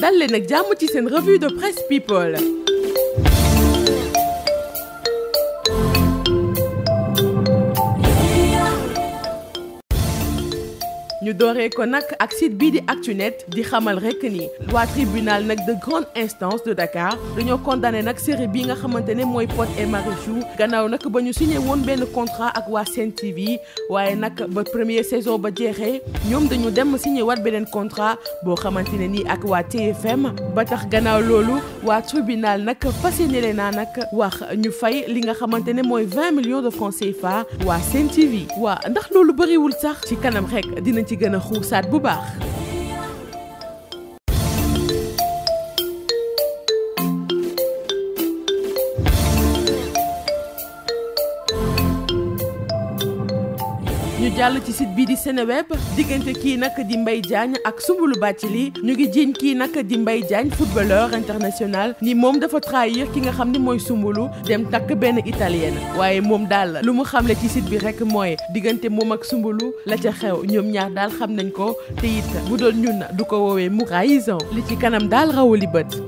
Dans nak ak ci revue de presse people ñu dooree ko nag ak site bii di Actunet di xamal rek ni waa tribunal nag de grande instance de Dakar dañoo condamné nag série bi nga xamante ne mooy Pod et Marichou gannaaw nag ba signé woon benn contrat ak waa Sen TV waaye nag ba première saison ba jeexee ñoom dañu dem signé waat beneen contrat boo xamante ne nii ak waa TFM ba tax gannaaw loolu waa tribunal nak fas yéene nak wax ñu fay li nga xamantene moy 20 millions de francs CFA wa Sen TV waa ndax bari wul sax ci kanam rek dinañ ci gën a xuusaat bu baax ñu jàll ci site bii di Seneweb diggante kii nag di mbay Diagne ak Soumboulou Bathily ñu ngi jiiñ kii nag di mbay Diagne footballeur international ni moom dafa trahir ki nga xam ne mooy Soumboulou dem takk benn italienne waaye moom daal lu mu xamle ci site bi rek mooy diggante moom ak Soumboulou la ca xew ñoom ñaar daal xam nañ ko te it bu doon ñun du ko woowee mu trahison li ci kanam daal rawali bët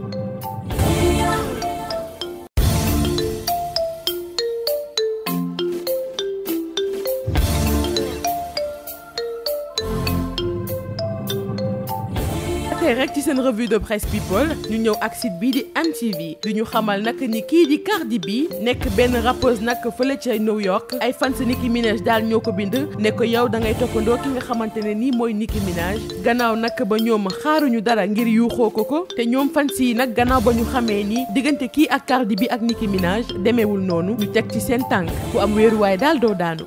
tey rek ci seen revue de presse people ñu ñëw ak site bii di MTV di ñu xamal nag ni kii di Cardi bii nekk benn rappeuse nag fële ca New York ay fans Nicki Minaj daal ñoo ko bind ne ko yow da ngay toppandoo ki nga xamante ne nii mooy Nicki Minaj gannaaw nag ba ñoom xaaruñu dara ngir yuuxoo ko ko te ñoom fans yi nag gannaaw ba ñu xamee nii diggante kii ak Cardi bi ak Nicki Minaj demeewul noonu ñu teg ci seen tànk ku am wéeruwaay daal doo daanu.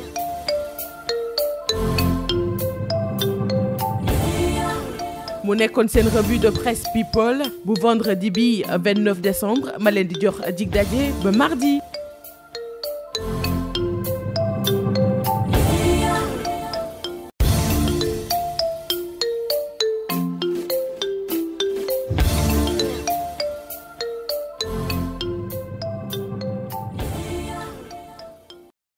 est concerne revue de presse people bu vendredi 29 décembre ma Dior, di mardi.